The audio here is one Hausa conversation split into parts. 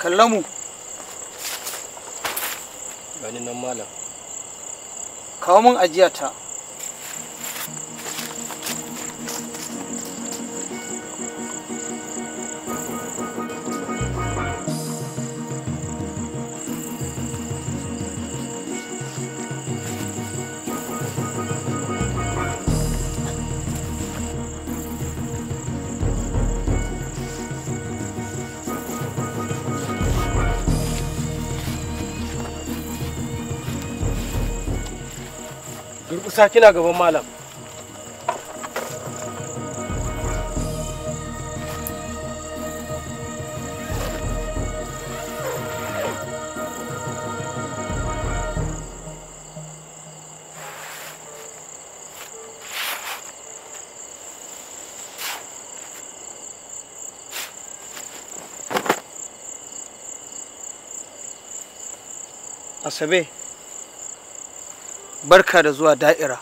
kalla mu gani nan malam kawo mun ajiya ta aquí kina gaban malam. barka da zuwa da'ira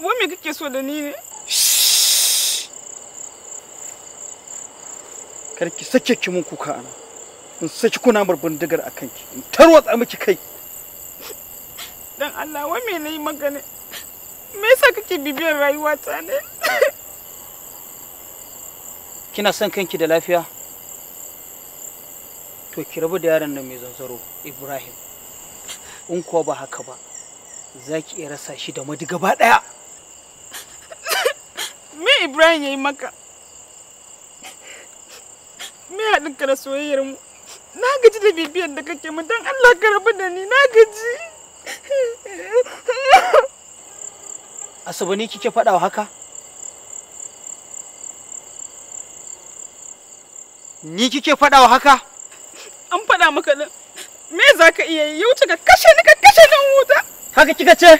wai me kake so da ni ne karki sake ki mun kuka ana in saki kuna mar bindigar a kanki in tarwatsa miki kai dan Allah wai me nayi magana me yasa kake bibiyar rayuwa ta ne kina son kanki da lafiya to ki rabu da yaron nan mai zanzaro Ibrahim in kuwa ba haka ba za ki iya rasa shi da madu gaba ɗaya. Me Ibrahim ya yi maka? Me ɗinka da soyayyar mu? Na gaji da bibiyar da kake mu don Allah ka rabu da ni na gaji. Asabe kike faɗawa haka? Ni kike faɗawa haka? An faɗa maka ɗin. Me za ka iya yi? Ya wuce ka kashe ni ka kashe ni wuta. থাকে ঠিক আছে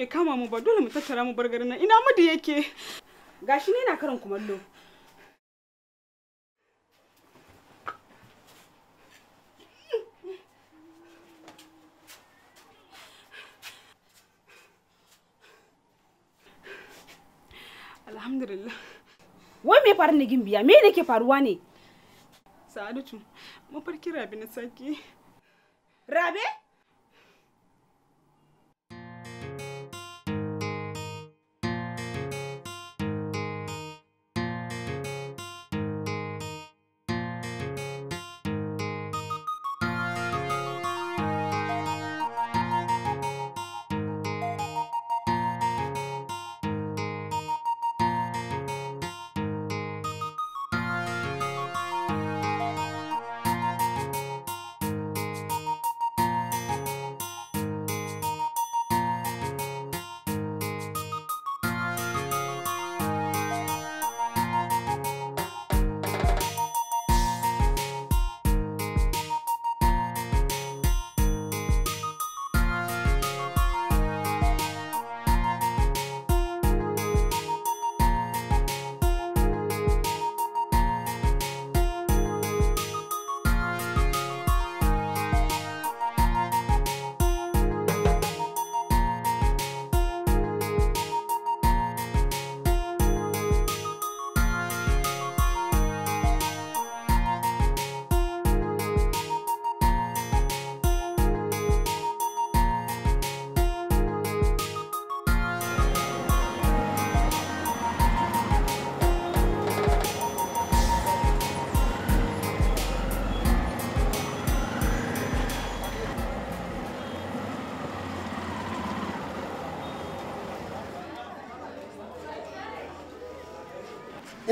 bai kama mu ba dole mu tattara mu bargarin nan ina mu da yake gashi ne na karin kumallo alhamdulillah wai me faru ne gimbiya me ne ke faruwa ne sa'adatu mafarki rabe na saki rabe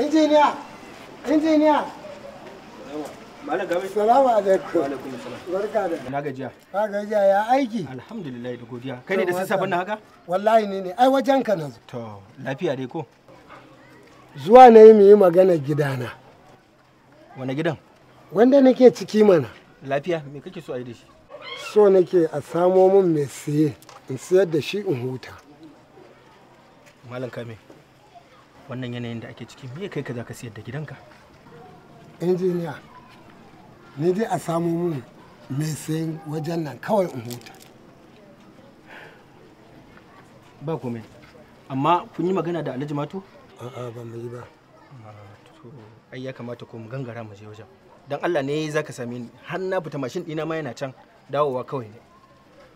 injiniya injiniya Salamu alaikum. Barka da. na gajiya. Ka gajiya ya aiki? Alhamdulillah da godiya. Kai ne da sassafe na haka? Wallahi ne ne. Ai wajen ka nan. To, lafiya dai ko? Zuwa ne mu yi magana gidana. Wane gidan? Wanda nake ciki mana. Lafiya, me kake so a yi da shi? So nake a samo min mai siye, in siyar da shi in huta. Malam Kame. wannan yanayin da ake ciki me kai ka za ka siyar da gidanka injiniya ni dai a samu mun mai sayan wajen nan kawai in huta ba komai amma kun yi magana da alhaji matu a'a ban mu yi ba ah, ai ya kamata ko mu gangara mu je wajen dan Allah ne za ka same ni har na fita mashin dina ma yana can dawowa kawai ne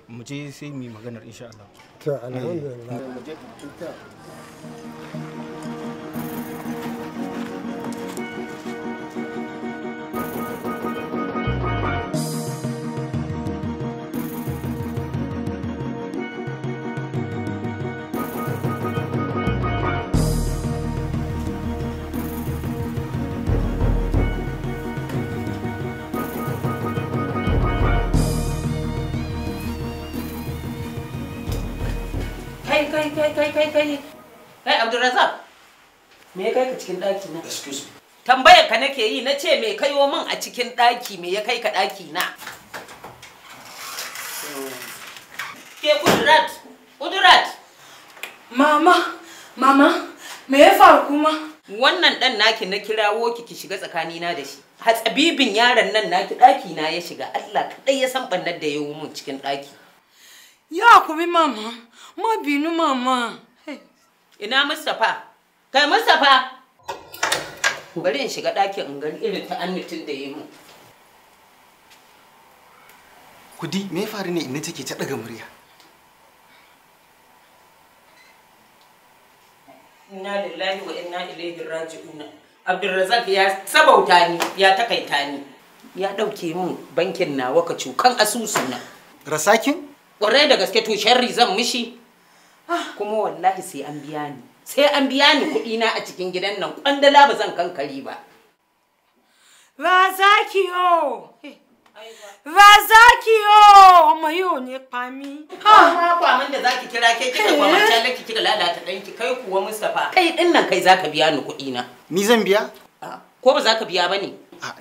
mu je sai mu yi maganar insha Allah ta alhamdulillah eh. mu je kai kai kai kai kai kai Abdulrazak me ya kai ka cikin ɗaki na excuse me tambayar ka nake yi na ce me kaiwo min a cikin ɗaki me ya kai ka ɗaki na ke kudurat kudurat mama mama me ya faru kuma wannan ɗan naki na kirawo ki ki shiga tsakanina da shi hatsabibin yaron nan naki ɗaki na ya shiga Allah kaɗai ya san ɓannar da ya yi min cikin ɗaki ya kuma mama Ma binu mama. Ina Mustapha? Kai Mustapha! Bari in shiga ɗakin in gani irin ta annitin da yi mu. Kudi, me ya faru ne inda take ta ɗaga murya? Inna lillahi wa inna ilaihi raji'un. Abdulrazak ya sabauta ni, ya takaita ni. Ya ɗauke min bankin nawa ka cukan asusuna. Rasakin? Ƙwarai da gaske to sharri zan mishi. kuma wallahi sai an biya ni sai an biya ni kuɗi na a cikin gidan nan ƙwandala ba zan kankari ba razakiyo razakiyo mayo ne kwami ha kwamin da zaki kira ke kika kwamacin laki kika lalata ɗanki kai kuwa mustapha kai din nan kai zaka biya ni kuɗi na ni zan biya ko ba zaka biya ba ne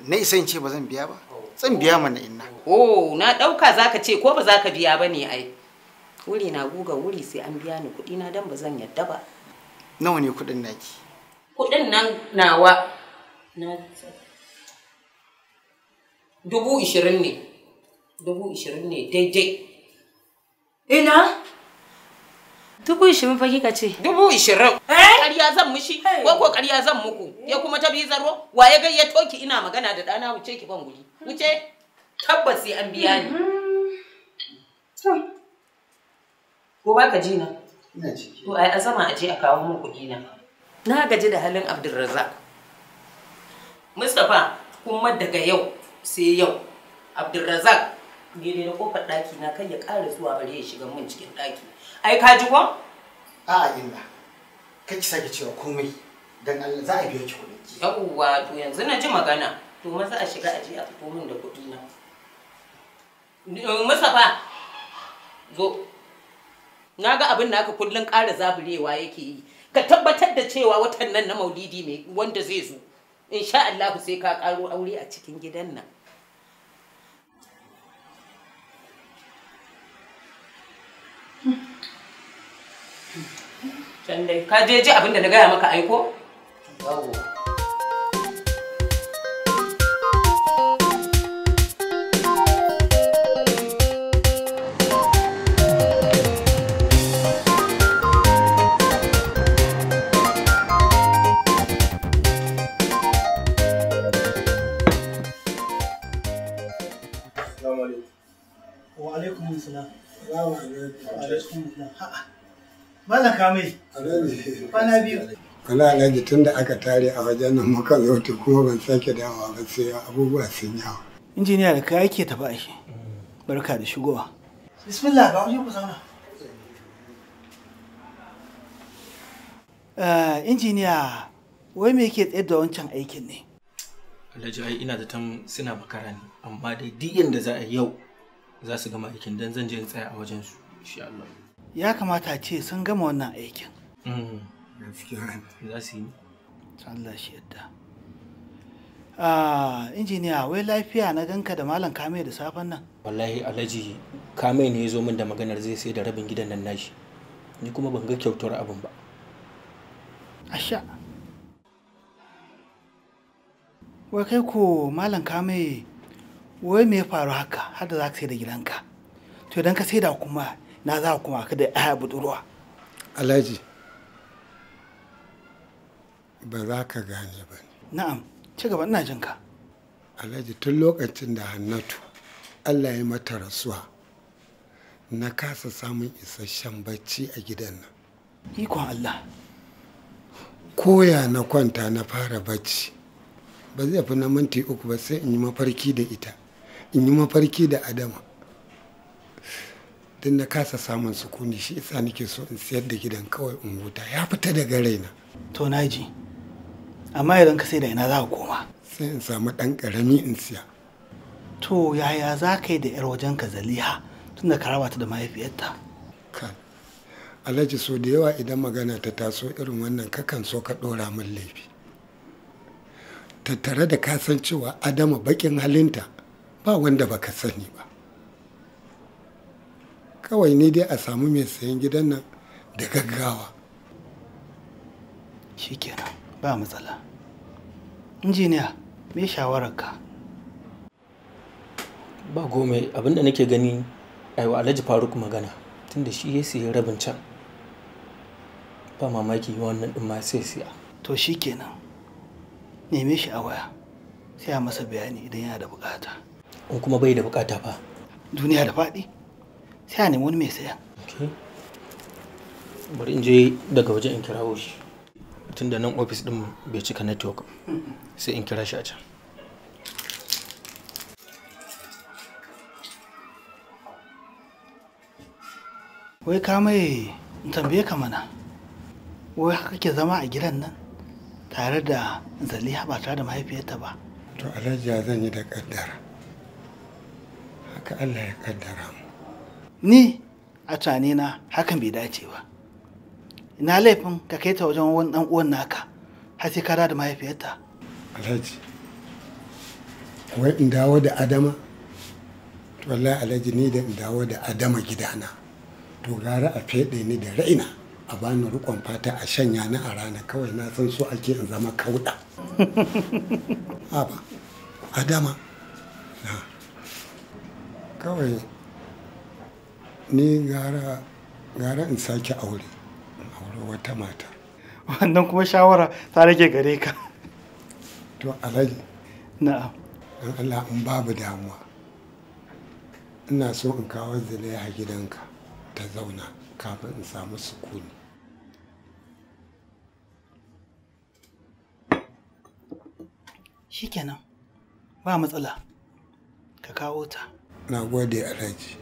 na isa in ce ba zan biya ba zan biya mana inna oh na ɗauka zaka ce ko ba zaka biya ba ne ai wuri na guga wuri sai an biya ni kuɗi na dan ba zan yadda ba nawa ne kuɗin naki kuɗin nan nawa na dubu ishirin ne dubu ishirin ne daidai ina dubu ishirin fa kika ce dubu ishirin eh? ƙarya zan mushi ko ko ƙarya zan muku ya kuma ta bi zaro wa ya gayyato ki ina magana da ɗana wuce ki ban guri wuce tabbas sai an biya ni mm-hmm. ko ba ka ji na to ai azama a je a kawo min kuɗi na na gaji da halin abdulrazak mustapha kuma daga yau sai yau abdulrazak daidai na kofar ɗaki na kan ya ƙara zuwa bare ya shiga mun cikin ɗaki ai ka ji ko a'a inda. kai ki sake cewa komai dan Allah za a biyo ki kuɗin ki yawwa to yanzu na ji magana to maza a shiga aje a fito min da kuɗi na Mustapha zo na ga abin naka kullum ƙara zaburewa yake yi ka tabbatar da cewa watan nan na maulidi mai wanda zai zo insha Allah sai ka ƙaro aure a cikin gidan nan Can dai, ka je ji abin da na gaya maka aiko? Yawwa. Malaka mai. Kwana biyu. Wala alhaji tun da aka tare a wajen nan muka zo to kuma ban sake dawowa ba sai abubuwa sun yawa. Injiniya da kai yake tafi aiki. Barka da shigowa. Bismillah ba ku zauna. Eh, injiniya wai me yake tsayar da wancan aikin ne? Alhaji ai ina da zaton suna makara ne amma dai duk da za a yau za su gama aikin dan zan je in tsaya a wajen su insha Allah. ya kamata ce sun gama wannan aikin mm. ah, injiniya wai lafiya na ganka da malam kame da safen nan wallahi alhaji kame ne ya zo min da maganar zai sai da rabin gidan nan nashi ni kuma ban ga kyautar abin ba asha wai kai ko malam kame wai me ya faru haka har da za ka sai da gidanka to idan ka sai da kuma na za kuma ka da ya budurwa alhaji ba za ka gane ba na'am ci gaba ina jin alhaji tun lokacin da hannatu allah ya mata rasuwa na kasa samun isasshen bacci a gidan nan ikon allah koya na kwanta na fara bacci ba zai fi na minti uku ba sai in yi mafarki da ita in yi mafarki da adama don na kasa samun sukuni shi isa nake so in sayar da gidan kawai in huta ya fita daga raina to naji amma idan ka sai da ina za ka koma sai in samu ɗan ƙarami in siya to yaya za ka yi da yar wajen ka zaliha tun da ka ta da mahaifiyarta kan alhaji so da yawa idan magana ta taso irin wannan kakan so ka ɗora min laifi tattare da ka san cewa adama baƙin halinta ba wanda baka sani ba kawai ne dai a samu mai sayan gidan nan da gaggawa shikenan ba matsala injiniya me shawararka ba gome abinda nake gani aiwa alhaji faruk magana tunda shi ya siya rabin can ba mamaki wannan din ma sai siya to shi shikenan neme shi a waya sai a masa bayani idan yana da bukata in kuma bai da bukata ba? duniya da faɗi sai a nemi wani mai sayan bari in je daga waje in kira shi tun da nan ofis din bai cika network sai in kira shi a can wai ka mai tambaye ka mana wai haka ke zama a gidan nan tare da zaliha ba tare da mahaifiyarta ba to alhaji zan yi da kaddara haka allah ya kaddara mu ni a tunanina hakan bai dace ba ina laifin ka kai ta wajen wani dan uwan naka har sai ka da mahaifiyarta alhaji wai in dawo da adama wallahi alhaji ni da in dawo da adama gidana to gara a fede ni da raina a bani rukon fata a shanya na a rana kawai na san so ake in zama kauda haba adama kawai ni gara gara in sake aure aure wata mata wannan kuma shawara ta rage gare ka to alhaji na'am in Allah in babu damuwa ina so in kawo a gidanka ta zauna kafin in samu sukuni shikenan ba matsala ka kawo ta na gode alhaji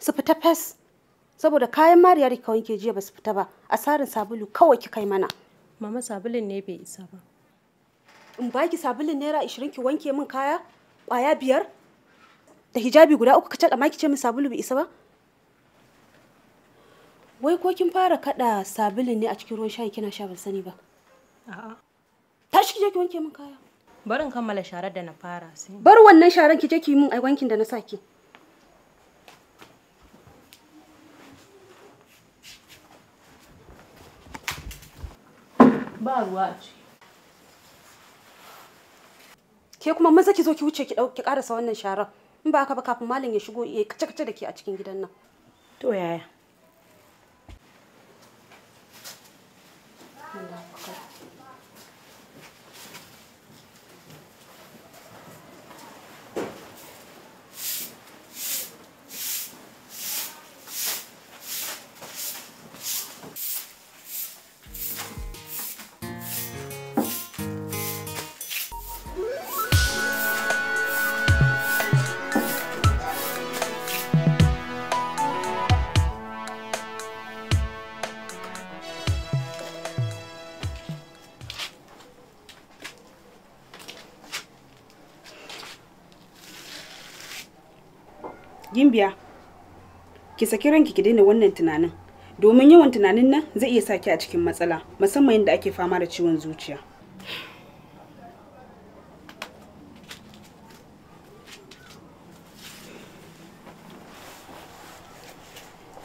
su fita fes saboda kayan mariya da kawai wanke jiya ba su fita ba asarin sabulu kawai kika yi mana mama sabulun ne bai isa ba in baki sabulun naira ashirin ki wanke min kaya kwaya biyar da hijabi guda uku ka caɗa ki ce min sabulu bai isa ba wai ko kin fara kaɗa sabulun ne a cikin ruwan shayi kina sha ban sani ba a'a tashi ki je ki wanke min kaya barin kammala sharar da na fara sai bar wannan sharar ki je ki yi min ai wankin da na saki ba ruwa a ciki ke kuma maza ki zo ki wuce ki ki karasa wannan sharar in ba haka ba kafin malam ya shigo ya kace kace da ke a cikin gidan nan to yaya ki saki ranki ki daina wannan tunanin domin yawan tunanin nan zai iya saki a cikin matsala musamman yadda ake fama da ciwon zuciya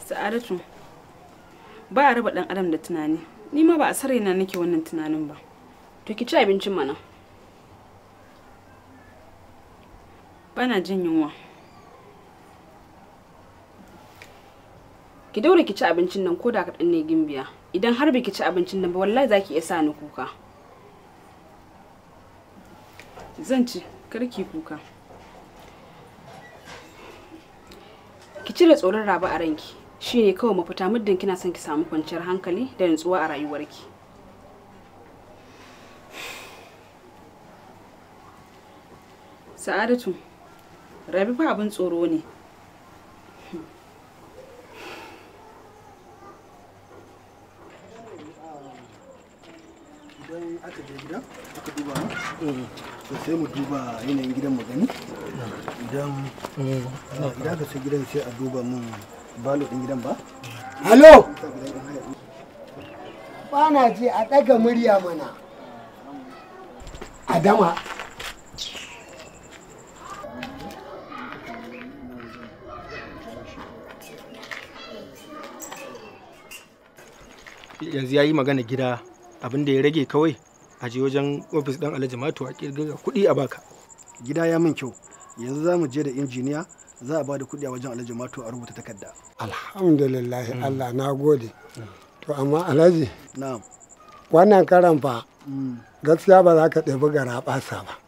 sa'adatu ba a raba dan adam da tunani ni ma ba a sarai na nake wannan tunanin ba to ki ci abincin mana bana jin yunwa ki daure ki ci abincin nan ko da kaɗan ne gimbiya idan har biki ci abincin nan ba wallahi za iya sa ni kuka zan ci karki kuka ki cire tsoron raba a ranki shi ne kawai mafita muddin kina son ki samu kwanciyar hankali da nutsuwa a rayuwarki sa'adatu rabi fa abin tsoro ne idan aka je gida aka duba sai mu duba yanayin gidan mu gani idan idan sai gidan sai a duba mun balo din gidan ba halo bana je a daga murya mana adama yanzu ya yi magana gida abin da ya rage kawai a je wajen ofis ɗan alhaji mato a kirga kuɗi a baka gida ya min kyau yanzu za mu je da injiniya za a ba da kuɗi a wajen alhaji mato a rubuta takarda alhamdulillah mm. allah na gode mm. to amma alhaji na'am wannan karan fa mm. gaskiya ba za ka ɗabi gara ɓasa ba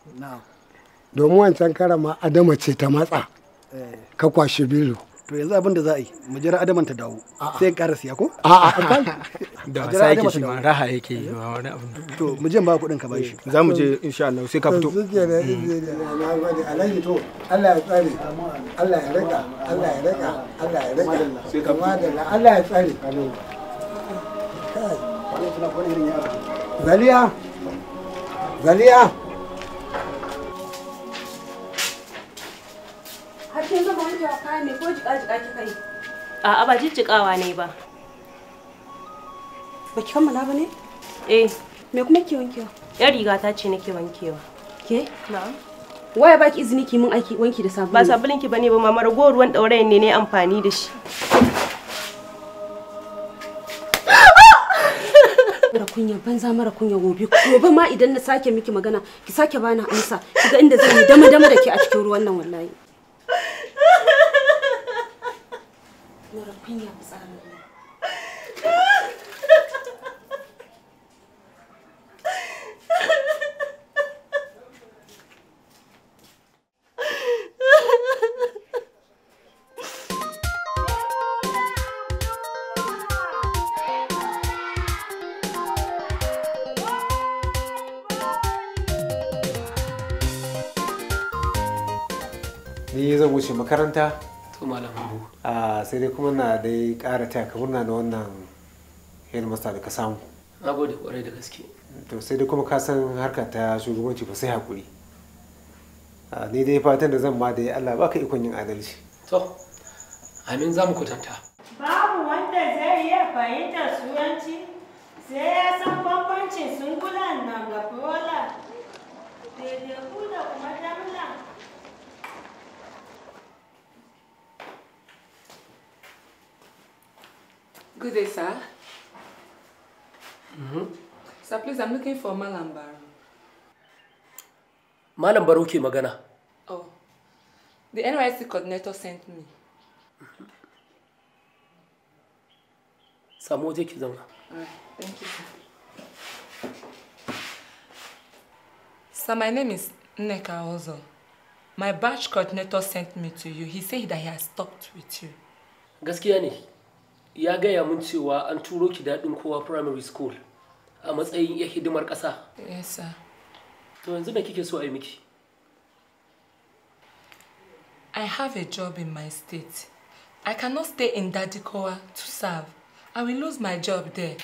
domin wancan karan ma adama ce ta matsa eh. ka kwashi bilu to yanzu abin da za a yi mu jira adaman ta dawo sai ƙara siya ko a a a da wasa yake shi ma raha yake yi ba wani abu to mu je ba kuɗin ka bashi za mu je insha Allah sai ka fito to zuke da mm. na gode alhaji to Allah ya tsare Allah ya raka Allah ya raka Allah ya raka sai ka fito Allah ya tsare Zaliya Zaliya Ashe zama wanke wa kaya ne ko jika jika kika yi? A'a ba jijjigawa ne ba. Baki kammala ba ne? Eh. Me kuma ke wankewa? Yar riga ta ce nake wankewa. Ke? Na'am. Waya baki izini ki mun aiki wanki da sabulu? Ba sabulun ki bane ba mama rago ruwan ɗaurayin ne ne amfani da shi. Mara kunya banza mara kunya gobe gobe ma idan na sake miki magana ki sake bana amsa kiga inda zan yi dama dama da ke a cikin ruwan nan wallahi. Not a opinion, Sam. wuce makaranta to malam a sai dai kuma na dai ƙara taya ka murna da wannan headmaster da ka samu na gode kwarai da gaske to sai dai kuma ka san harka ta shugabanci ba sai hakuri ni dai fatan da zan ma da Allah baka ikon yin adalci to amin za mu kwatanta babu wanda zai iya fahimtar suyanci sai ya san bambancin sungulan nan ga fola daidaiku da kuma damla Good day, sir. Mm -hmm. Sir, please, I'm looking for Malam Baro. Malam magana. Oh. The NYC coordinator sent me. Samu je ki zauna. Alright, thank you, sir. Sir, my name is Neka Ozo. My batch coordinator sent me to you. He said that he has talked with you. Gaskiya ne. ya gaya mun cewa an turo ki daɗin kowa primary school a matsayin ya hidimar ƙasa. Yes, To yanzu da kike so a yi miki? I have a job in my state. I cannot stay in Dadikowa to serve. I will lose my job there.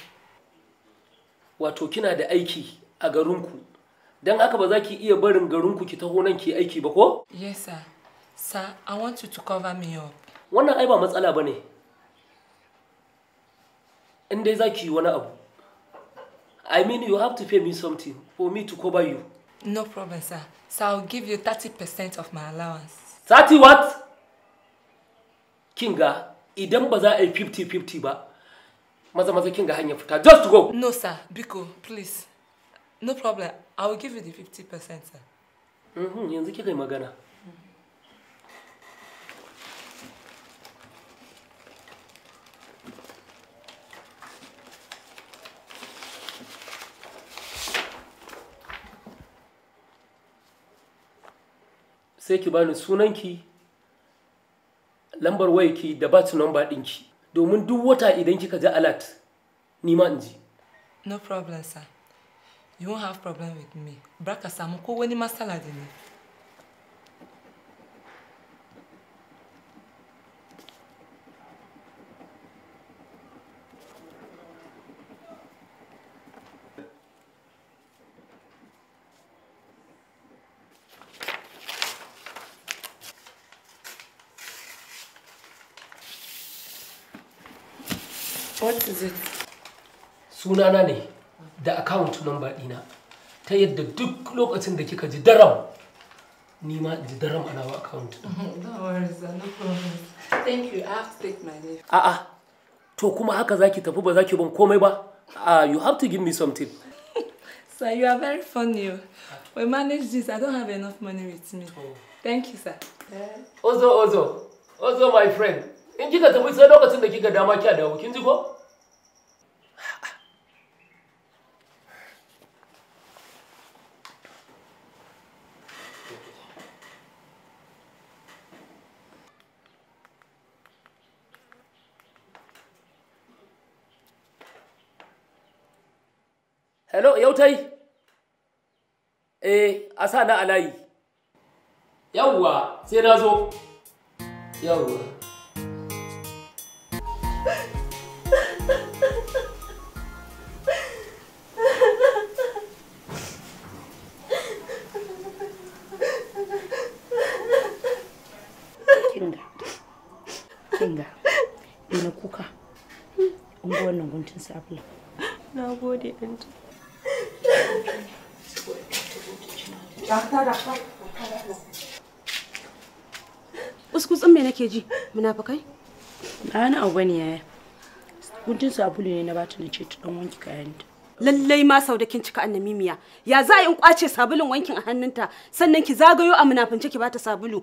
Wato kina da aiki a garinku. Don haka ba za ki iya barin garinku ki taho nan ki aiki ba ko? Yes, sir. Sir, I want you to cover me up. Wannan ai ba matsala ba ne. in dai za ki yi wani abu i mean you have to pay me something for me to cover you no problem sir so i'll give you 30% of my allowance 30 what kinga idan ba za a yi 50-50 ba maza maza kinga hanyar fita just go no sir biko please no problem i will give you the 50% sir mm-hmm, yanzu kika yi magana sai ki bani sunanki lambar wayarki da bat number ɗinki domin duk wata idan kika ji alert ni ma in ji no problem sir you won't have problem with me braka samu ko wani matsala da ni sunana ne da account number ɗina ta yadda duk lokacin da kika ji daram ni ma ji daram ana wa account thank you i have to take my leave a'a to kuma haka zaki tafi ba zaki ban komai ba you have to give me something sir you are very funny we manage this i don't have enough money with me oh. thank you sir ozo ozo ozo my friend in kika tafi sai lokacin da kika dama kya dawo kin ji ko kyautai eh a sa na alayi yawwa sai na zo yawwa kinga ina kuka in wannan guntun sabula na gode anti Uskutsun me nake ji? Munafukai? Ba na abu bane yaya. Guntun sabulu ne na bata na ce ta dan wanki kayanta. Lallai ma sau da kin cika annamimiya. Ya za yi kwace sabulun wankin a hannunta sannan ki zagayo a munafunce ki bata sabulu.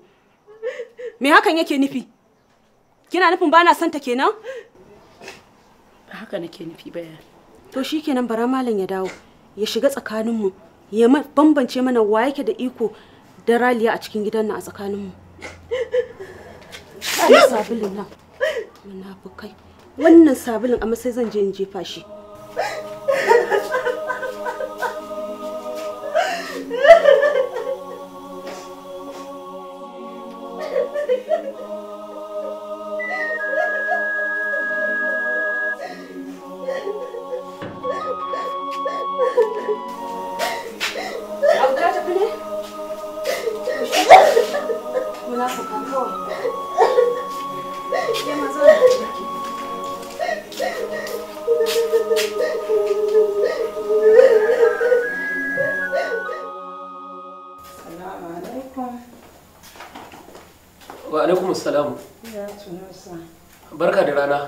Me hakan yake nufi? Kina nufin bana son ta kenan? Ba haka nake nufi ba. To shikenan bara malam ya dawo. ya shiga tsakaninmu ya bambance mana wa yake da iko da raliya a cikin gidan nan a tsakaninmu ai sabulin nan munafukai wannan sabulin amma sai zan je in jefa shi wa alaikum assalamu ya sa barka da rana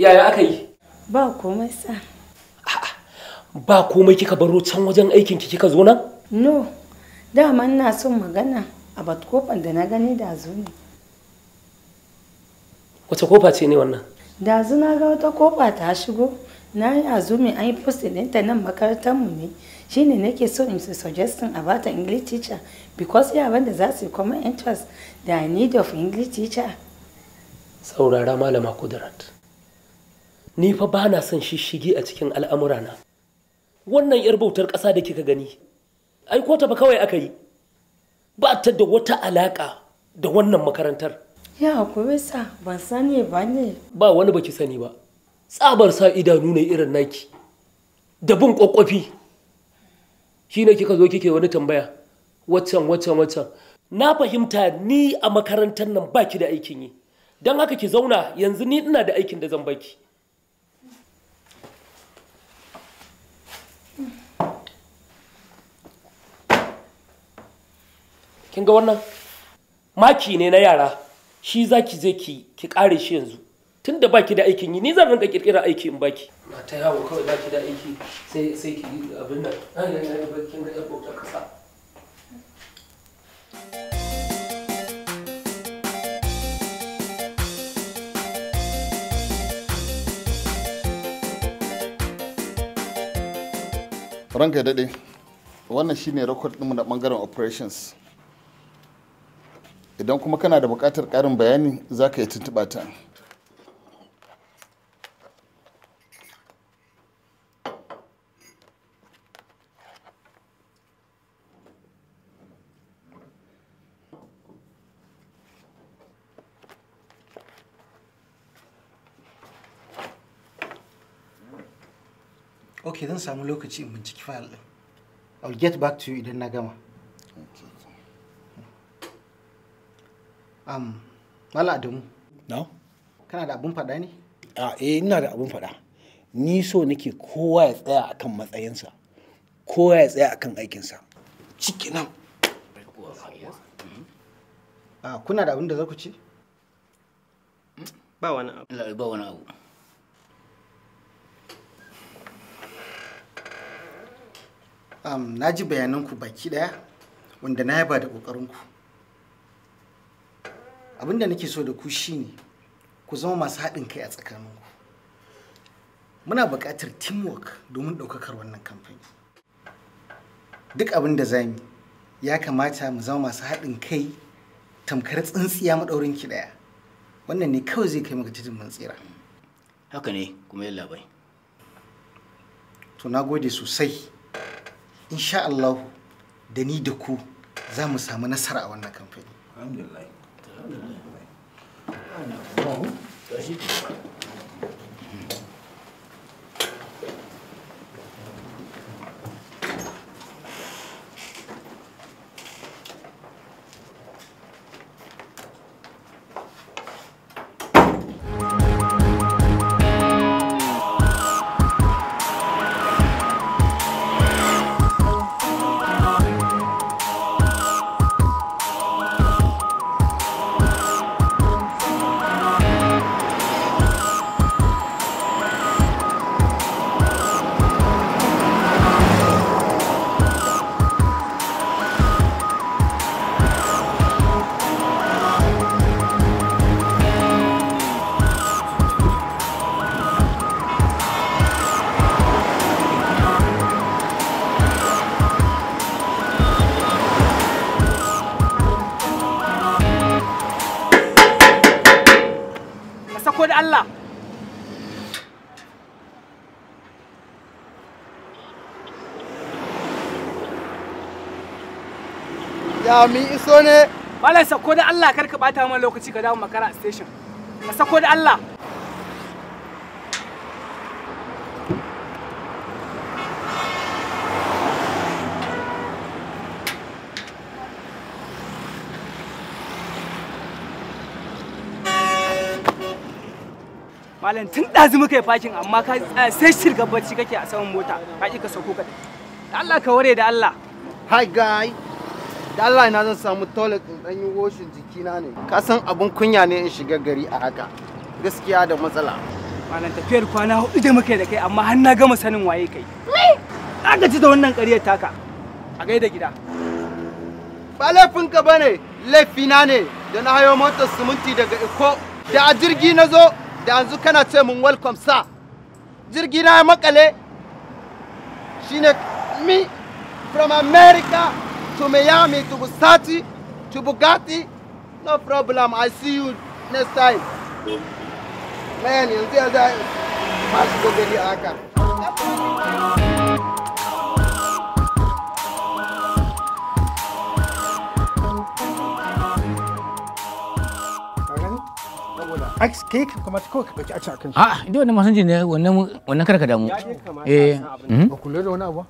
yaya aka yi ba komai sa ba komai kika baro can wajen aikin ki kika zo nan no dama ina son magana a bat kofar da na gani da zo ne wata kofa ce ne wannan da na ga wata kofa ta shigo na yi azumi an yi post nan makarantar mu ne ne nake so in su suggestin a bata English teacher because yaran da za su yi common interest da need of English teacher. Saurara malama Kudarat. Ni fa ba na son shishigi a cikin al'amurana. Wannan 'yar bautar ƙasa da kika gani, ai ko ta kawai aka yi. Ba ta da wata alaƙa da wannan makarantar. Ya kuwa sa ban sani ba ne. Ba wani baki sani ba. Tsabar sa idanu ne irin naki. Da bin ƙwaƙwafi. shi ne kika zo kike wani tambaya waccan waccan waccan na fahimta ni a makarantar nan baki da aikin yi don haka ki zauna yanzu ni ina da aikin da zan baki kin ga wannan maki ne na yara shi za ki je ki ki kare shi yanzu tun da baki da aikin yi ni zan rinka kirkira aiki in baki na ta yawo kawai baki da aiki sai sai ki abin nan ai ai ai bakin da yabo ta kasa ranka ya dade wannan shine record mu na bangaren operations idan kuma kana da buƙatar ƙarin bayani za yi tuntuɓa ta ok zan samu lokaci in binciki file din i'll get back to you idan na gama um mala adamu no kana da abun faɗa ne a eh ina da abun faɗa ni so nake kowa ya tsaya a kan matsayinsa kowa ya tsaya a kan aikinsa ciki nan kuna da abun da za ku ci hmm? ba wani abu ba wani abu um, na ji bayananku baki daya wanda na yaba da ƙoƙarinku abinda nake so da ku shine ku zama masu haɗin kai a tsakaninku muna buƙatar teamwork domin ɗaukakar wannan kamfani duk abin da za ya kamata mu zama masu haɗin kai tamkar tsintsiya maɗaurin ki ɗaya wannan ne kawai zai kai maka titin mun tsira haka ne kuma yalla bai to na gode sosai insha Allah da ni da ku za mu samu nasara a wannan kamfani alhamdulillah alhamdulillah a mun iso ne malam sako da Allah kar ka bata mana lokaci ka dawo makara station ka sako da Allah malam tun ɗazu muka yi fakin amma ka sai shirga bacci kake a saman mota ka ka sauko ka Allah ka ware da Allah hi guys. da Allah ina zan samu toilet in dan yi washin jikina ne ka san abun kunya ne in shiga gari a haka gaskiya da matsala malam tafiyar kwana hudu da muke da kai amma har na gama sanin waye kai na gaji da wannan ƙaryar taka a gaida gida ba laifinka bane ne laifina ne da na hayo motar siminti daga iko da a jirgi na zo da yanzu kana ce mun welcome sa jirgi na ya makale shine mi from america to Miami, to Bugatti, to Bugatti. No problem. I see you next time. Man, until then, must go get the car. ai kai kan kamata kawai ka dauki a ci akan shi a ah, ido wannan masanji ne wannan wannan karka damu a eh, mhm. ba ku lura da wani abu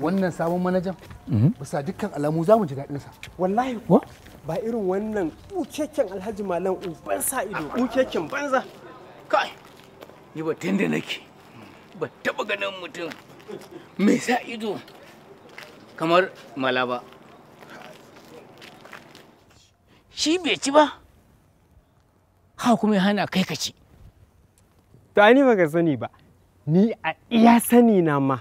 wannan sabon manajan mhm. bisa dukkan alamu za mu ji sa wallahi ko ba irin wannan alhaji malam uban sa ido ukekken banza kai ba tunda nake ba ganin mutum sa ido kamar malaba shi bai ci ba ha kuma ya hana kai ka ci to ai ni baka sani ba ni a iya sani na ma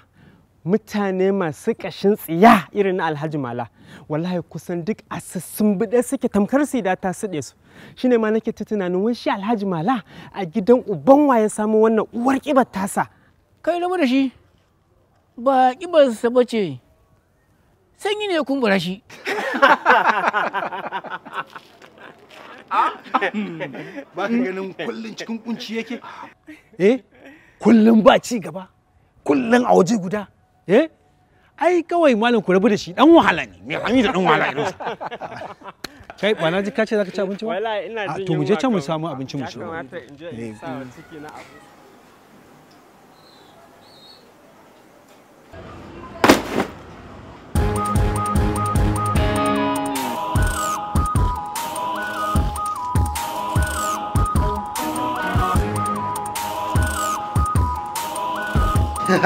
mutane masu kashin tsiya irin na alhaji mala wallahi kusan duk asassun buɗe suke tamkar su da ta suɗe su shine ma nake ta tunanin wai shi alhaji mala a gidan uban waye samu wannan uwar kibar tasa kai na da shi ba kibar sa bace sanyi ne kumbura shi ba ganin kullum cikin kunci yake eh ba ci gaba kullum a waje guda eh ai kawai malam ku rabu da shi dan wahala ne mai da dan wahala ne kai ba na ji ka ce zaka ci abinci ba wallahi ina jin to mu je can mu samu abinci mu ci ne ne ciki na abu yau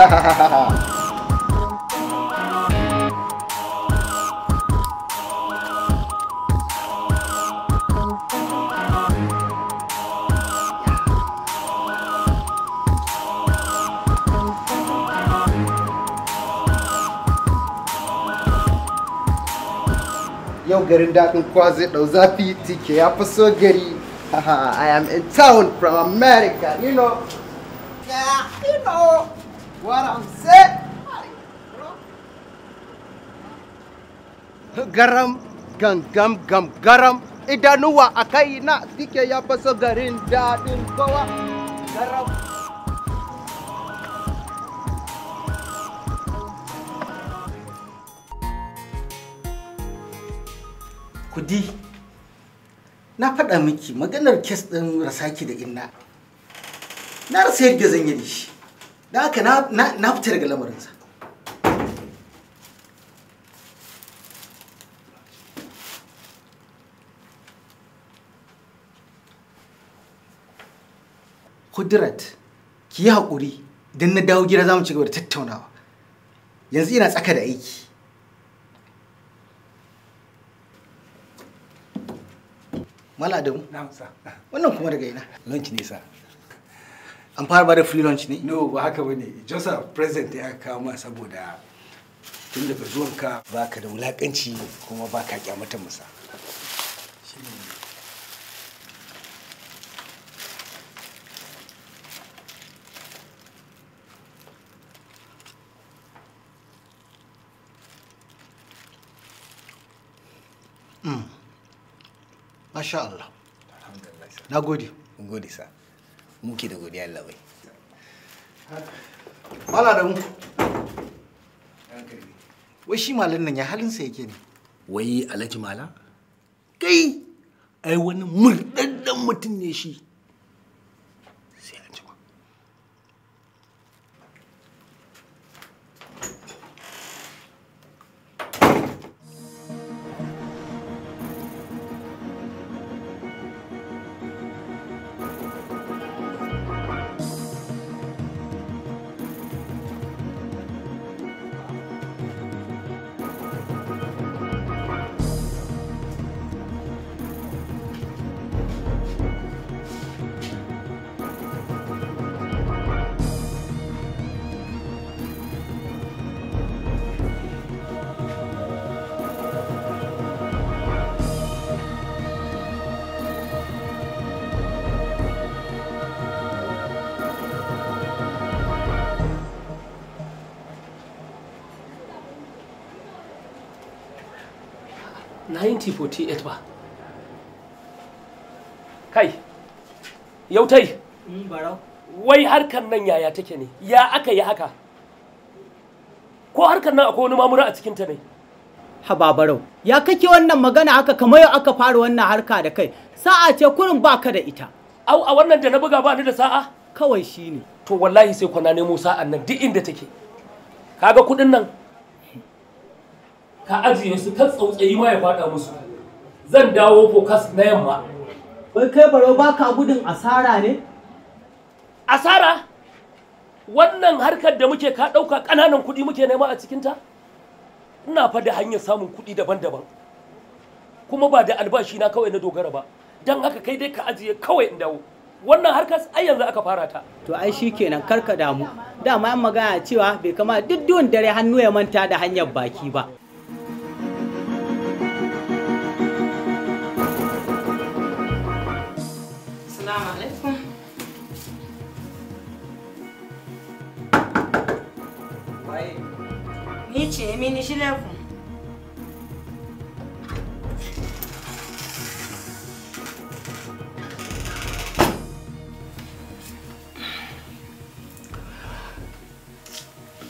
garin daɗin kwazit ɗau zafi tike ya fi so gari I am in town from America, you know. Yeah, you know. Voilà, c'est... Garam, gam, gam, gam, garam, idanuwa a kaina suke ya fasa garin daɗin kowa. Garam. Kudi, na faɗa miki maganar kes ɗin rasaki da inna. Na rasa yadda zan shi. da haka na fita daga lamarinsa Kudirat, ki yi haƙuri don na dawo gida zamu ci gaba da tattaunawa. Yanzu ina tsaka da aiki. Mala Adamu. Wannan kuma daga ina. Lunch ne sa. an fara ba da free lunch ne no ba haka ba just a present ya kawo ma saboda tun daga ba ka da wulakanci kuma ka kyamata musa hmm. Masha Allah. Na gode. Gode sa. muke da godiya Allah bai mala da mu wai shi malan nan ya halinsa yake ne wai alhaji mala kai ai wani murɗaɗɗen mutum ne shi minti ba kai yautai mm, wai harkar nan yaya take ne ya aka yi haka ko harkar nan akwai wani mamura a cikinta ne hababarau ya kake wannan magana haka kamar yau aka fara wannan harka da kai sa'a ce kurin baka da ita au a wannan da na buga ba ni da sa'a kawai shine to wallahi sai kwana nemo sa'an nan duk inda take kaga kudin nan ka ajiye su kan tsautsayi ma ya faɗa musu zan dawo focus na yamma wai kai barau baka gudun asara ne asara wannan harkar da muke ka ɗauka ƙananan kuɗi muke nema a cikinta ina fa da hanyar samun kuɗi daban-daban kuma ba da albashi na kawai na dogara ba dan haka kai dai ka ajiye kawai in dawo wannan harkar ai yanzu aka fara ta to ai shikenan karka damu dama an magana cewa bai kama duk duwan dare hannu ya manta da hanyar baki ba níṣẹ́ èmi ní sílẹ̀kùn.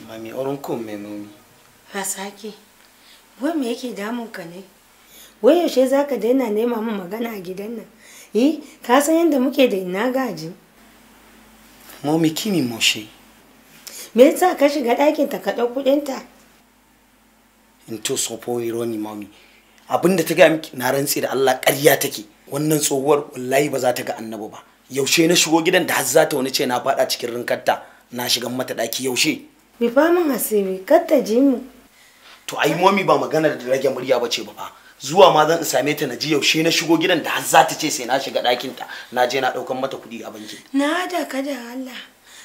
Mami, ọrùn kò mẹ́nu mi. Rasaki, wai me yake damunka ne? Wai yaushe za ka daina nema min magana a gidan nan? Eh, ka san yadda muke da ina gaji? Mami, kimi moshe. Me yasa ka shiga ɗakin ta ka ɗau kuɗinta? in to sofoni Ironi mami abinda ta gaya miki na rantse da Allah ƙarya take wannan tsohuwar wallahi ba za ta ga annabi ba yaushe na shigo gidan da har wani ce na fada cikin rinkarta na shiga mata daki yaushe bi fa mun hasiri kar ta ji mu to ai mami ba magana da rage murya ba ce ba fa zuwa ma zan in same ta na ji yaushe na shigo gidan da har ce sai na shiga ɗakinta na je na ɗaukan mata kuɗi a banki na da ka da Allah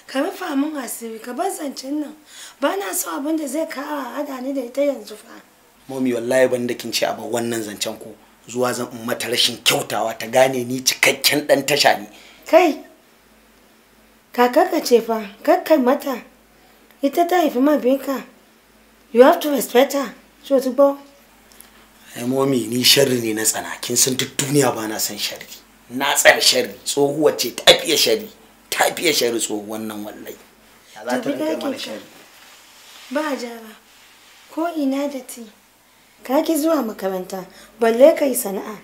ka rufa min asiri ka bar zancen nan ba na so abin da zai kawo hada ni da ita yanzu fa momi wallahi ban da kin ce abin wannan zancen ku zuwa zan in mata rashin kyautawa ta gane ni cikakken dan tasha ne kai kakarka ce fa kakkai mata ita ta haifi ka you have to respect her so to go ai momi ni sharri ne na tsana kin san duk duniya ba na san sharri na tsara sharri tsohuwa ce ta sharri ta fiye shari tso wannan wallai za ta rinka mana shari ba jara ko ina da ti ka ki zuwa makaranta balle yi sana'a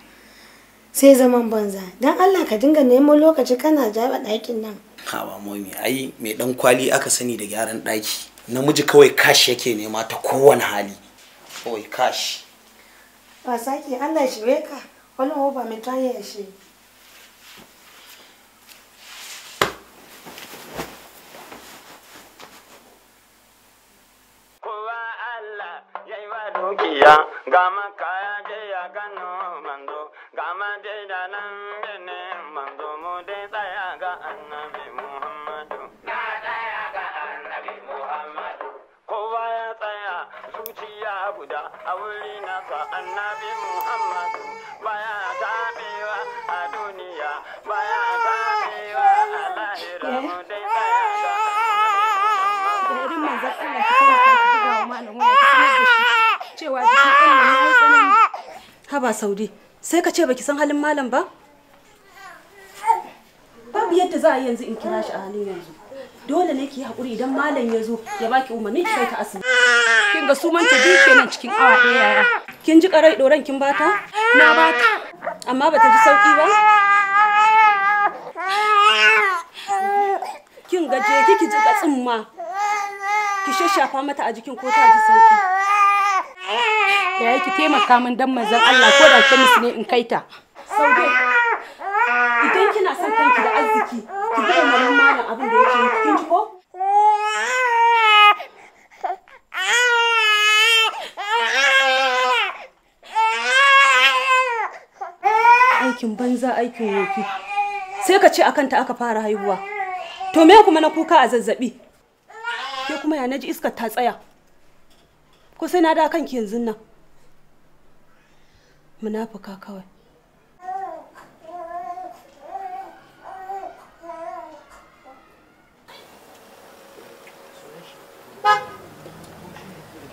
sai zaman banza dan Allah ka dinga neman lokaci kana jaba ɗakin nan ba momi ai mai ɗan kwali aka sani da gyaran ɗaki namiji kawai kashi yake nema ta kowane hali kawai kashi ba sake Allah shi ka wani ba mai tayar shi गम काज अगनो Haba Saudi, sai ka ce baki san halin malam ba? Babu yadda za a yanzu in kira shi a halin yanzu. Dole ne ki yi haƙuri idan malam ya zo ya baki umarni ki kai ka asibiti. Kin ga su ta dike nan cikin awa ɗaya yara. Kin ji karai doran kin bata? Na bata. Amma bata ji sauƙi ba? Kin gaje kiki ji katsin ma. Ki shashafa mata a jikin ko ta ji sauƙi. ya ki taimaka min dan manzon Allah ko da ke ne in kai ta saude idan kina son kanki da arziki ki ga umarnin malam abin da yake kin ji ko aikin banza aikin wofi sai ka ce akan ta aka fara haihuwa to me kuma na kuka a zazzabi ke kuma ya naji iskar ta tsaya ko sai na da kanki yanzu nan munafuka kawai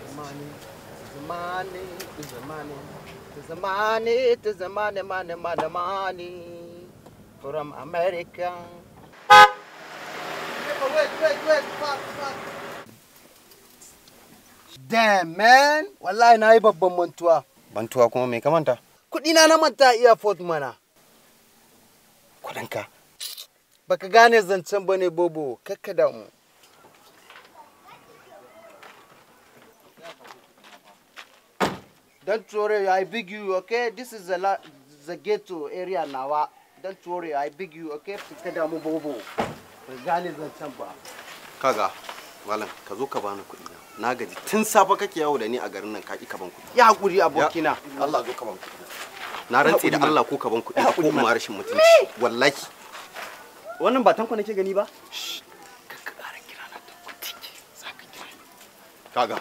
zamani zamani zamani zamani mani mani mani from America. Wait, wait, wait, Damn man, wallahi na yi babban mantuwa. bantuwa kuma mai kamanta. kudi na na manta iya fort mana kuɗinka baka gane zancen bane bobo kakka da mu Don't worry, I beg you, okay? This is the, la the ghetto area now. Don't worry, I beg you, okay? kakka da mu bobo. Ba gane zancen ba. Kaga, malam, ka zo ka bani kuɗi na. na gaji tun safa kake yawo da ni a garin nan ka ki kaban kuɗi ya hakuri abokina Allah zo kaban kuɗi na rantse da Allah ko kaban kuɗi ko kuma rashin mutunci wallahi wannan ba tanko nake gani ba kaga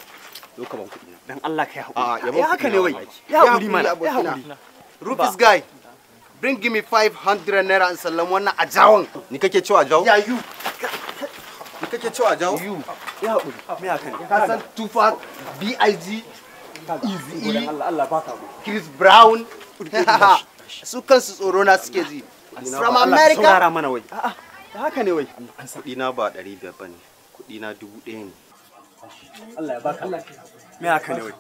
zo kaban kuɗi na dan Allah ka ya hakuri ya haka ne wai ya hakuri mana ya hakuri Rufus guy bring me 500 naira in sallam wannan a jawon ni kake cewa jawo ya yu ni kake cewa jawo yu. ya haƙuri me haka ne ka san tufa big easy chris brown su kansu tsoro na suke ji from america saurara mana wai a'a haka ne wai kuɗi na ba ɗari biyar ba ne kuɗi na dubu ɗaya ne Allah ya baka me haka ne wai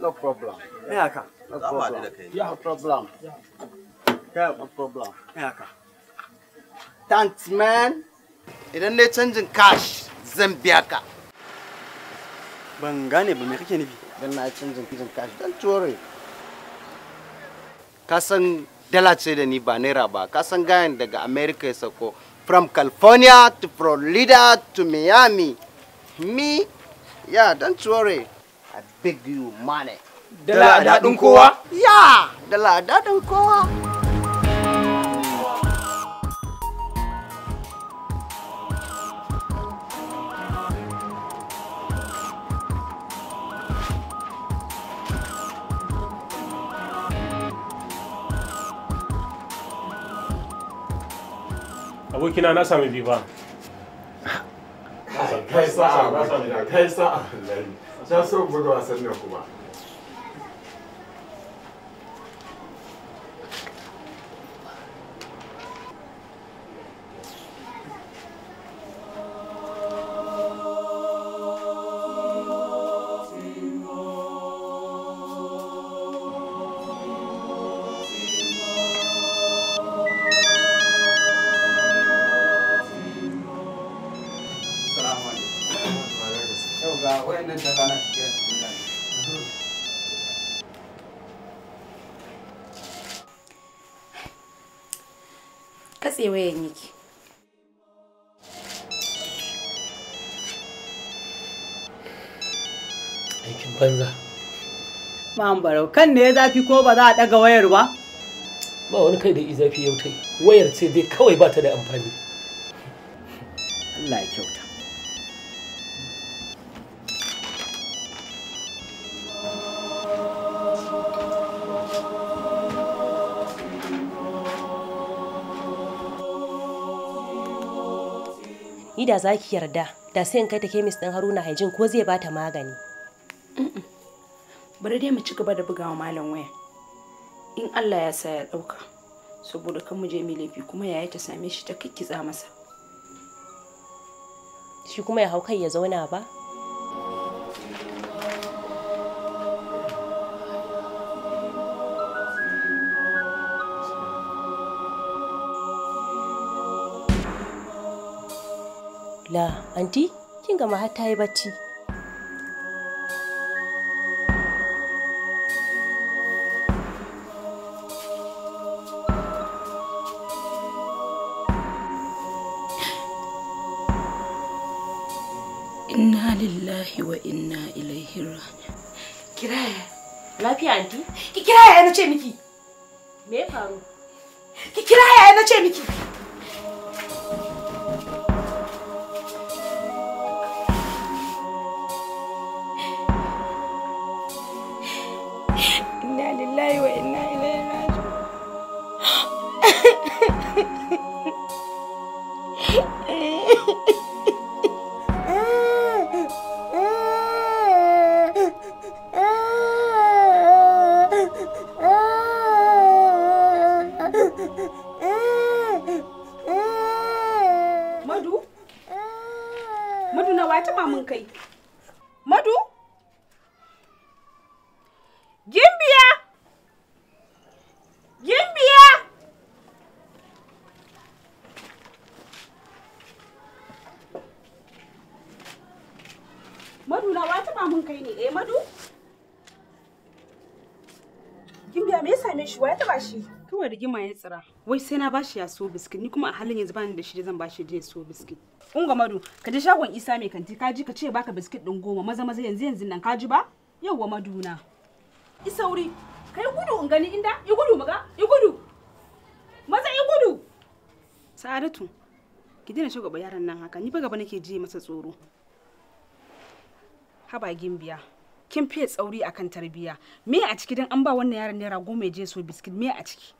no problem me haka no problem ya problem ka no problem me haka thanks man idan ne canjin cash zan biya ka ban dan na kashi dan tore ka san dala ce da ni ba naira ba ka gayan daga america ya sako from california to florida to miami me yeah don't worry i beg you money dala yeah dala abokina na sami biba kai sa'a kai sa'a can so gudu wasan nan kuma tsewayen yake aikin banza ma'am barau kan ne ya zafi ko ba za a ɗaga wayar ba ba wani kai da zafi yau tai wayar ce dai kawai ba ta da amfani da za ki yarda da sai in kai ta kemis ɗin haruna haijin ko zai bata magani bari dai mu ci gaba da bugawa malam waya in allah ya sa ya ɗauka saboda kan mu je mi laifi kuma yaya ta same shi ta kikkiza masa shi kuma ya hau kai ya zauna ba anti kin gama har ta yi bacci inna lillahi wa inna ilaihi raji'un kiraya lafiya anti ki kiraya na ce miki me faru ki kiraya na ce miki rigima ya tsira wai sai na bashi ya so biskit ni kuma a halin yanzu bani da shi zan bashi da ya so biskit ga madu ka je shagon isa mai kanti ka ji ka ce baka biskit din goma maza maza yanzu yanzu nan ka ji ba yauwa maduna isauri kai gudu in gani inda 'yi gudu muga 'yi gudu maza 'yi gudu sa'adatu ki daina shugaba yaran nan haka ni ba gaba nake ji masa tsoro haba gimbiya kin fiye tsauri akan tarbiya me a ciki dan an ba wannan yaran naira goma ya je so biskit me a ciki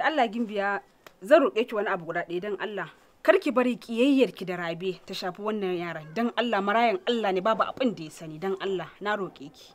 da Allah gimbiya zan roƙe ki wani abu guda ɗaya don Allah kar ki bari kiyayyar ki da rabe ta shafi wannan yaran don Allah marayan Allah ne babu abin da ya sani don Allah na roƙe ki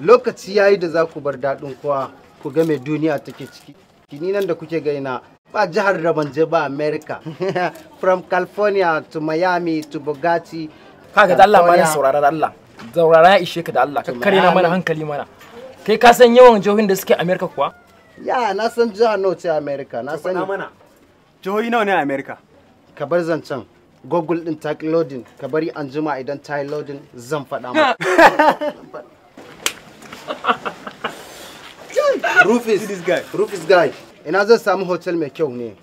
lokaci yayi da za ku bar daɗin kowa ku ga mai duniya take ciki kini nan da kuke gaina ba jihar da je ba america from california to miami to bugatti kaga da Allah mana saurara da Allah saurara ya ishe ka da Allah kare na mana hankali mana kai ka san yawan jihohin da suke america kuwa ya na san jihar nawa ce america na san mana jihohi nawa ne a america ka bar zancen google din tag loading ka bari jima idan tag loading zan faɗa maka Rufus. this guy. Rufus guy. Ina zan hotel mai kyau ne.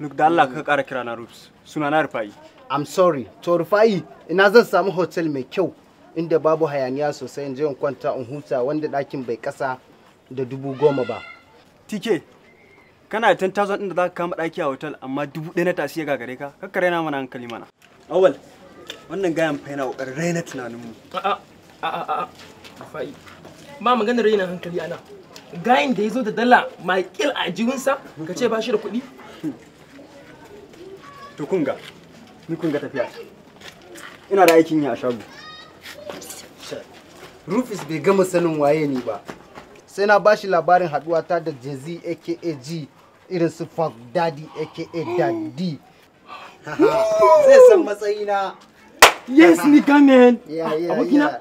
Look dalla ka kara kira na Rufus. Suna na Rufai. I'm sorry. To Rufai, ina zan samu hotel mai kyau inda babu hayaniya sosai in in kwanta in huta wanda ɗakin bai kasa da dubu goma ba. TK, kana da 10,000 ɗin da za ka kama daki a hotel amma dubu ɗaya na tasi ya gagare ka? Kakka raina mana hankali mana. Awal, wannan gayan fa yana tunanin raina a a a a Rufai. ba maganar yana hankali ana gayin da ya zo da dala mai kil a jiwinsa ka ce ba shi da kuɗi to kunga ni kunga tafiya ina da aikin yi a shago rufus bai gama sanin waye ni ba sai na bashi labarin haduwa ta da jezi aka g irin su fag daddy aka daddy zai san matsayina yes ni gamen abokina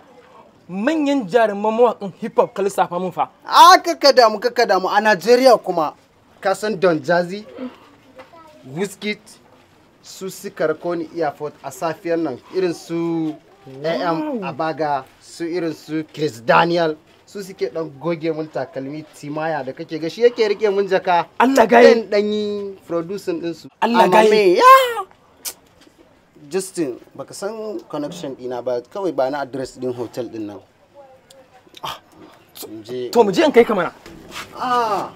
manyan jaruman mawaƙin hip hop ka safa mun fa a kakka damu kakka damu a Najeriya kuma ka san Don Jazzy Wizkid su suka iya fot a safiyar nan irin su am abaga su irin su chris daniel su suke dan goge mun takalmi timaya da kake ga shi yake rike mun jaka Allah gaye dan danyi producing din su Allah gaye justin baka san connection dina ba kawai ba na address din hotel din nan ah, to mu je in kai ka mana ah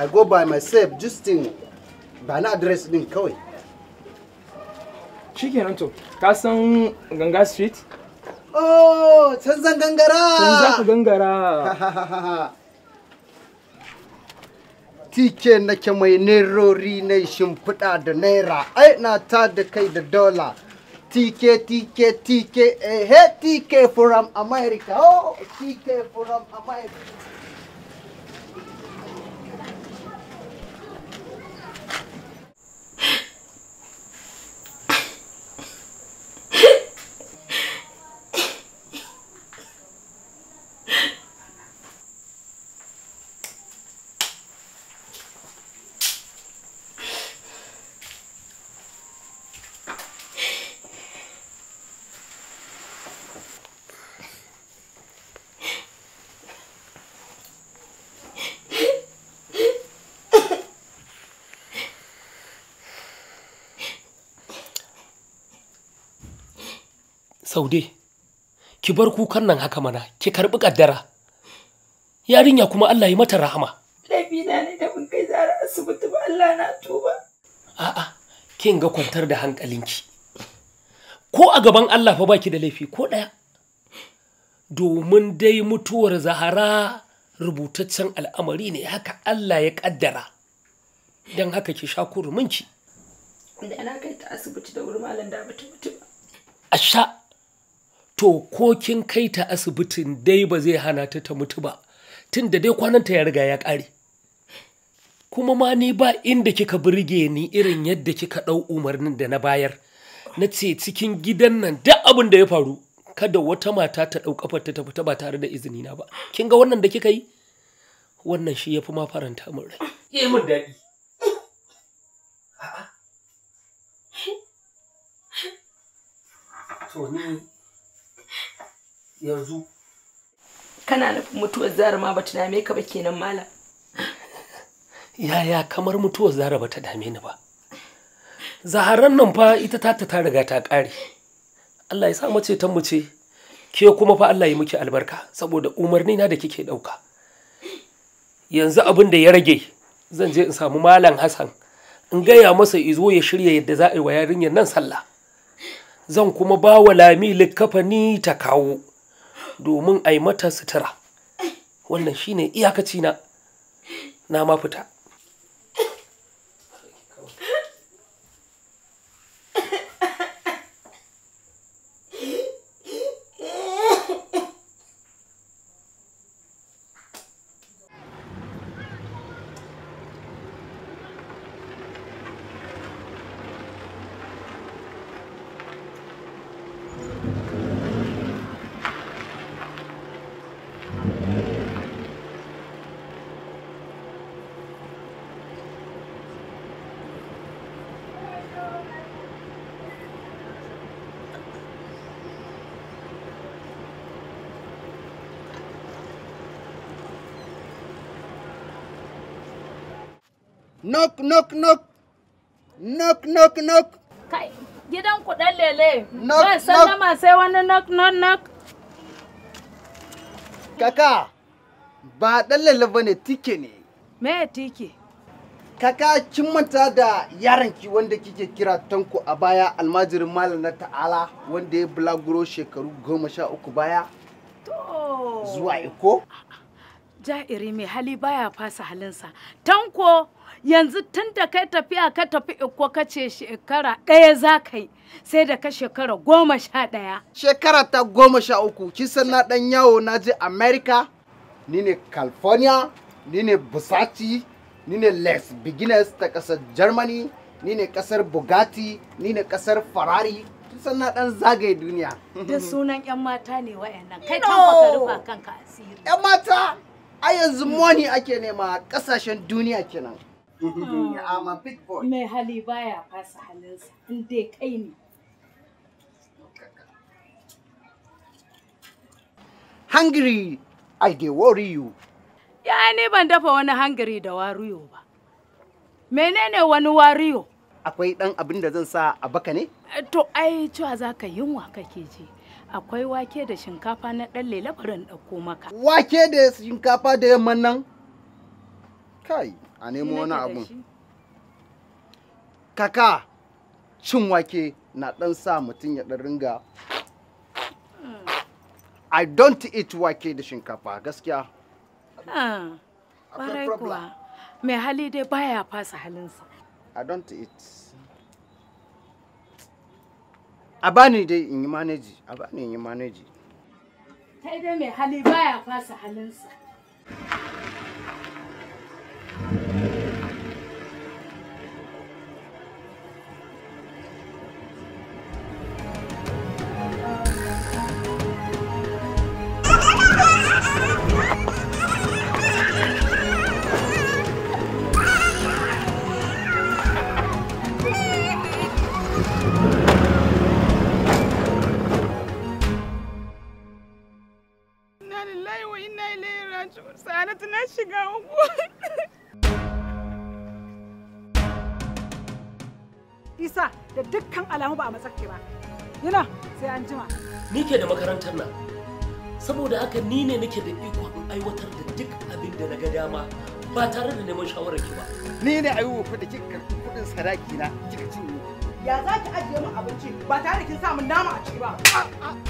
i go by myself justin ba na address din kawai shikenan to ka san ganga street oh can gangara can ka gangara tike nake mai nerori na shimfiɗa da naira na ta kai da dola tike tike tike eh tike from america oh tike from america saude ki bar kukan nan haka mana ki karbi kaddara yarinya kuma Allah ya mata rahama laifina ne da mun kai zara asibiti ba Allah na tuba a'a kin ga kwantar da hankalinki ko a gaban Allah fa baki da laifi ko daya domin dai mutuwar zahara rubutaccen al'amari ne haka Allah ya kaddara don haka ki sha kuruminki da na kai ta asibiti da wurin malam da mutum mutum ba a sha to ko kin kai ta asibitin dai ba zai hana ta ta mutu ba tun da dai kwananta ya riga ya ƙare kuma ma ni ba inda kika burge ni irin yadda kika ɗau umarnin da na bayar na ce cikin gidan nan duk abin da ya faru kada wata mata ta ɗau kafar ta fita ba tare da izini na ba kin ga wannan da kika yi wannan shi ya fi ma faranta min rai ya yi min daɗi to ni yanzu kana nufin mutuwar zara ma bata dame ka ba kenan Mala. yaya kamar mutuwar zara bata dame ni ba zaharan nan fa ita ta ta riga ta ƙare Allah ya sa mace ta mu ce ke kuma fa Allah ya miki albarka saboda umarni na da kike ɗauka yanzu abin da ya rage zan je in samu malam Hassan in gaya masa izo ya shirya yadda za a yi wa yarinyar nan sallah zan kuma ba wa lami likkafani ta kawo domin a yi mata sutura wannan shine iyakaci na na ma fita Knock, knock, knock. Knock, knock, knock. Kai, gidan ku ɗan lele. Knock, Ban sallama sai wani knock, knock, knock. Kaka, ba ɗan lele ba ne tike ne. Me tike? Kaka, kin manta da yaranki wanda kike kira tanko a baya almajirin malam na ta'ala wanda ya bulaguro shekaru goma sha uku baya? To. Zuwa iko? Ja'iri mai hali baya fasa halinsa. Tanko yanzu tun da kai tafiya ka tafi ikko ka ce shekara ɗaya za ka yi sai da ka shekara goma sha ɗaya. Shekara ta goma sha uku, kisan na ɗan yawo na je America, ni ne California, ni ne Busaci, ni ne Les Beginners ta ƙasar Germany, ni ne ƙasar Bugatti, ni ne ƙasar Ferrari, kisan na ɗan zagaye duniya. Da sunan 'yan mata ne nan kai kan ka rufa kanka asiri. 'Yan mata! a yanzu money ake nema a kasashen duniya kenan ah. I'm a big boy. Mai hali baya fasa halinsa, in kai ne. Hungry, I dey worry you. Ya ni ban dafa wani hungry da wariyo ba. Menene wani wariyo? Akwai ɗan abin da zan sa a baka ne? Eh, to, ai, cewa za ka yunwa kake ji. akwai wake da shinkafa na ɗan lela barin ɗauko maka. Wake da shinkafa da yamma nan? Kai, a nemo wani abun. Kaka, cin wake na ɗan sa mutum ya ɗan ringa. I don't eat wake da shinkafa gaskiya. Ah, ƙwarai kuwa, mai hali dai baya fasa halinsa. I don't eat. a bani dai in yi maneji a bani in yi maneji kai dai mai hali baya fasa halinsa isa da dukkan alamu ba a matsake ba yana sai an jima ni ke da makarantar nan saboda haka ni ne nake da iko in aiwatar da duk abin da na ga dama ba tare da neman shawarar ki ba ni ne ayuwa fa da kika karɓi kuɗin sadaki na kika cinye ya zaki ajiye mu abinci ba tare da kin sa mun nama a ciki ba